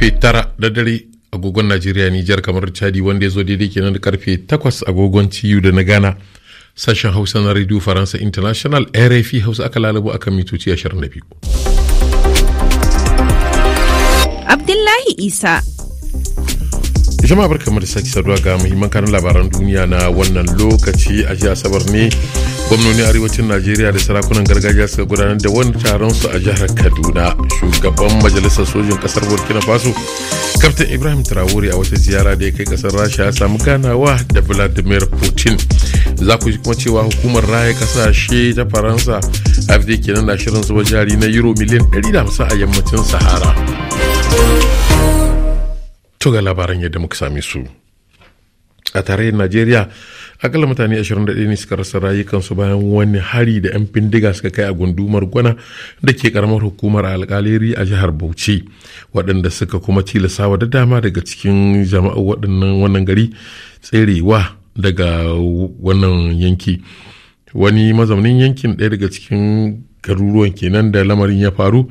karfe tara da dare agogon najeriya nijar kamar chadi wanda ya zo daidai kenan da karfe takwas agogon ciyu da na ghana sashen hausa na radio faransa international rfi hausa aka lalabo akan mitoci 22 abdullahi isa jama'a barkamu da sake saduwa ga muhimman kanun labaran duniya na wannan lokaci a jiya asabar ne gwamnonin arewacin najeriya da sarakunan gargajiya suka gudanar da wani taron su a jihar kaduna shugaban majalisar sojin kasar burkina faso kaftin ibrahim traore a wata ziyara da ya kai kasar rasha ya samu ganawa da vladimir putin za ku ji kuma cewa hukumar raya kasashe ta faransa afd kenan na shirin zuba jari na euro miliyan 150 a yammacin sahara to ga labaran yadda muka same su a tarayyar najeriya akalla mutane 21 ne suka rasa rayukansu bayan wani hari da 'yan bindiga suka kai a gundumar gwana da ke karamar hukumar alkaleri a jihar bauchi waɗanda suka kuma tilasawa da dama daga cikin jama'a waɗannan wannan gari tserewa daga wannan yanki wani mazaunin yankin ɗaya daga cikin garuruwan kenan da lamarin ya faru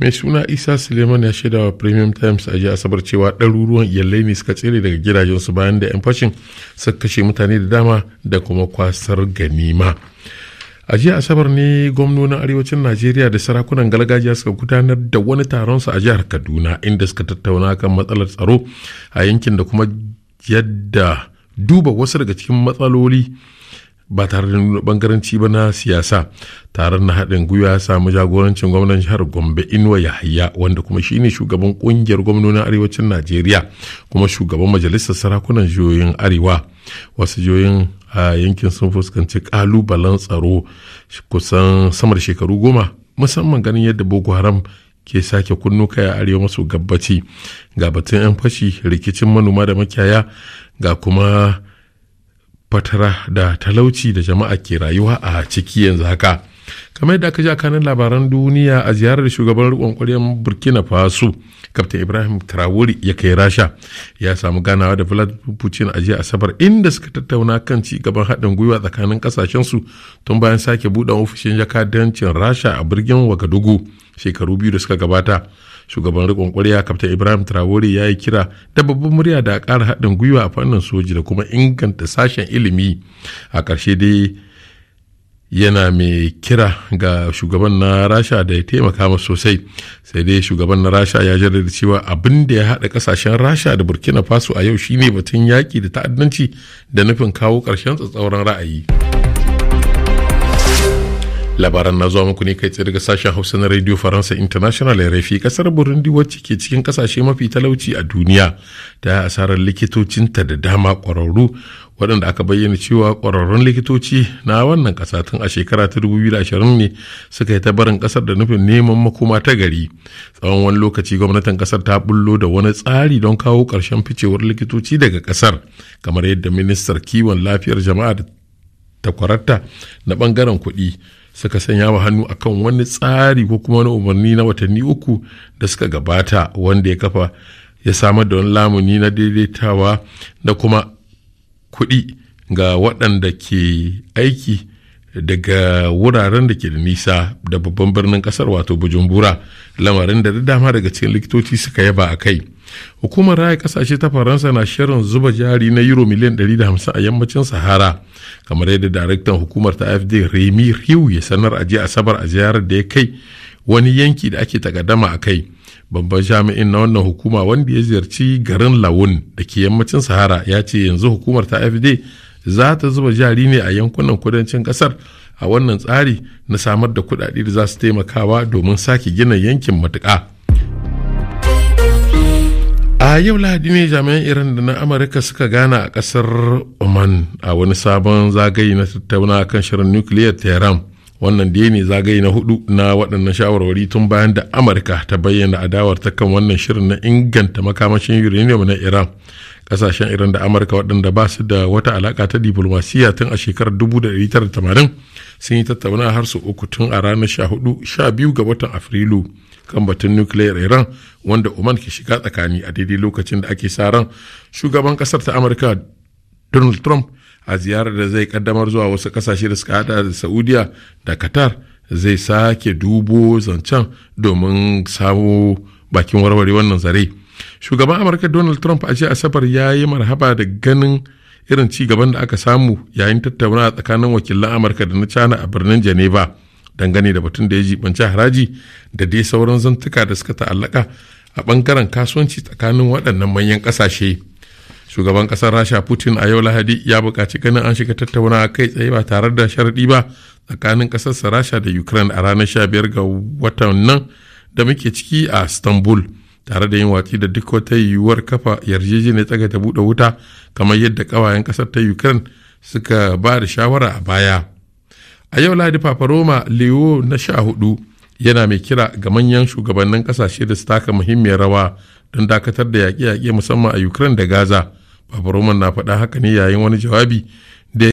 mai suna isa suleiman ya shaida wa premium times a ji asabar cewa ɗaruruwan iyalai ne suka tsere daga gidajensu bayan da 'yan fashin suka kashe mutane da dama da kuma kwasar ganima a jiya asabar ne gwamnonin arewacin najeriya da sarakunan gargajiya suka gudanar da wani taron su a jihar kaduna inda suka tattauna kan matsalar tsaro a yankin da kuma yadda duba wasu daga cikin matsaloli ba tare da nuna bangaranci ba na siyasa taron na haɗin gwiwa ya samu jagorancin gwamnan jihar gombe inuwa yahaya wanda kuma shine shugaban kungiyar gwamnonin arewacin najeriya kuma shugaban majalisar sarakunan jihohin arewa wasu jihohin a yankin sun fuskanci kalubalen tsaro kusan samar shekaru goma musamman ganin yadda boko haram ke sake kunnu kai a arewa maso gabaci ga batun 'yan fashi rikicin manoma da makiyaya ga kuma fatara da talauci da jama'a ke rayuwa a ciki yanzu haka kamar yadda aka ji a kanin labaran duniya a ziyarar shugaban rikon kwaryen burkina faso kaftan ibrahim traore ya kai rasha ya samu ganawa da vladimir putin a jiya asabar inda suka tattauna kan ci gaban haɗin gwiwa tsakanin ƙasashensu tun bayan sake buɗe ofishin jakadancin rasha a birgin wagadugu shekaru biyu da suka gabata shugaban rikon kwarya kaftan ibrahim traore ya yi kira da murya da kara haɗin gwiwa a fannin soji da kuma inganta sashen ilimi a ƙarshe dai yana mai kira ga shugaban na rasha da ya taimaka masu sosai sai dai shugaban na rasha ya jaddada cewa abin da ya haɗa ƙasashen rasha da burkina faso a yau shine batun yaƙi da ta'addanci da nufin kawo ƙarshen tsatsauran ra'ayi labaran na zuwa muku ne kai tsaye daga sashen hausa na radio faransa international ya rafi kasar burundi wacce ke cikin kasashe mafi talauci a duniya ta asarar likitocinta da dama ƙwararru waɗanda aka bayyana cewa ƙwararrun likitoci na wannan ƙasa tun a shekara ta 2020 ne suka yi ta barin ƙasar da nufin neman makoma ta gari tsawon wani lokaci gwamnatin ƙasar ta bullo da wani tsari don kawo ƙarshen ficewar likitoci daga ƙasar kamar yadda ministar kiwon lafiyar jama'a da takwararta na ɓangaren kuɗi suka sanya wa hannu a kan wani tsari ko kuma wani umarni na watanni uku da suka gabata wanda ya kafa ya samar da wani lamuni na daidaitawa da kuma kuɗi ga waɗanda ke aiki daga wuraren da ke da nisa da babban birnin ƙasar wato bujumbura lamarin da dama daga cikin likitoci suka yaba a kai hukumar raya ƙasashe ta faransa na shirin zuba jari na euro miliyan 150 a yammacin sahara kamar yadda daraktan hukumar ta fd remi riu ya sanar a jiya asabar a ziyarar da ya kai wani yanki da ake takaddama a kai babban jami'in na wannan hukuma wanda ya ziyarci garin lawun da ke yammacin sahara ya ce yanzu hukumar ta fd za ta zuba jari ne a yankunan kudancin kasar a wannan tsari na samar da kudade da za su taimakawa domin sake gina yankin matuka. a yau lahadi ne jami'an iran da na amurka suka gana a kasar oman a wani sabon zagaye na tattauna kan shirin nukiliyar tehran wannan dai ne zagaye na hudu na waɗannan shawarwari tun bayan da amurka ta bayyana adawar ta kan wannan shirin na inganta makamashin uranium na iran kasashen iran da amurka waɗanda ba su da wata alaka ta diplomasiya tun a shekarar 1980 sun yi tattauna har su uku tun a ranar 14-12 ga watan afrilu kan batun nukiliyar iran wanda oman ke shiga tsakani a daidai lokacin da ake sa ran shugaban kasar ta amurka donald trump a ziyarar da zai kaddamar zuwa wasu kasashe da suka hada da saudiya da qatar zai sake dubo zancen domin samo bakin warware wannan zare shugaban amurka donald trump a jiya asabar ya yi marhaba da ganin irin ci gaban da aka samu yayin tattaunawa tsakanin wakilan amurka da na china a birnin geneva dangane da batun da ya jibanci haraji da dai sauran zantuka da suka ta'allaka a bangaren kasuwanci tsakanin waɗannan manyan ƙasashe. shugaban kasar rasha putin a yau lahadi ya buƙaci ganin an shiga tattaunawa kai tsaye ba tare da sharaɗi ba tsakanin ƙasarsa rasha da ukraine a ranar 15 ga watan nan da muke ciki a istanbul tare da yin watsi da duk wata yiwuwar kafa yarjejeniyar tsaga ta buɗe wuta kamar yadda ƙawayen kasar ta ukraine suka ba da shawara a baya a yau lahadi roma leo na sha hudu yana mai kira ga manyan shugabannin kasashe da su taka muhimmiyar rawa don dakatar da yaƙe-yaƙe musamman a ukraine da gaza Papa Roman na faɗa haka ne yayin wani jawabi